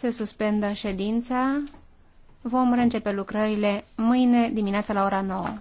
Se suspendă ședința. Vom reîncepe lucrările mâine dimineața la ora 9.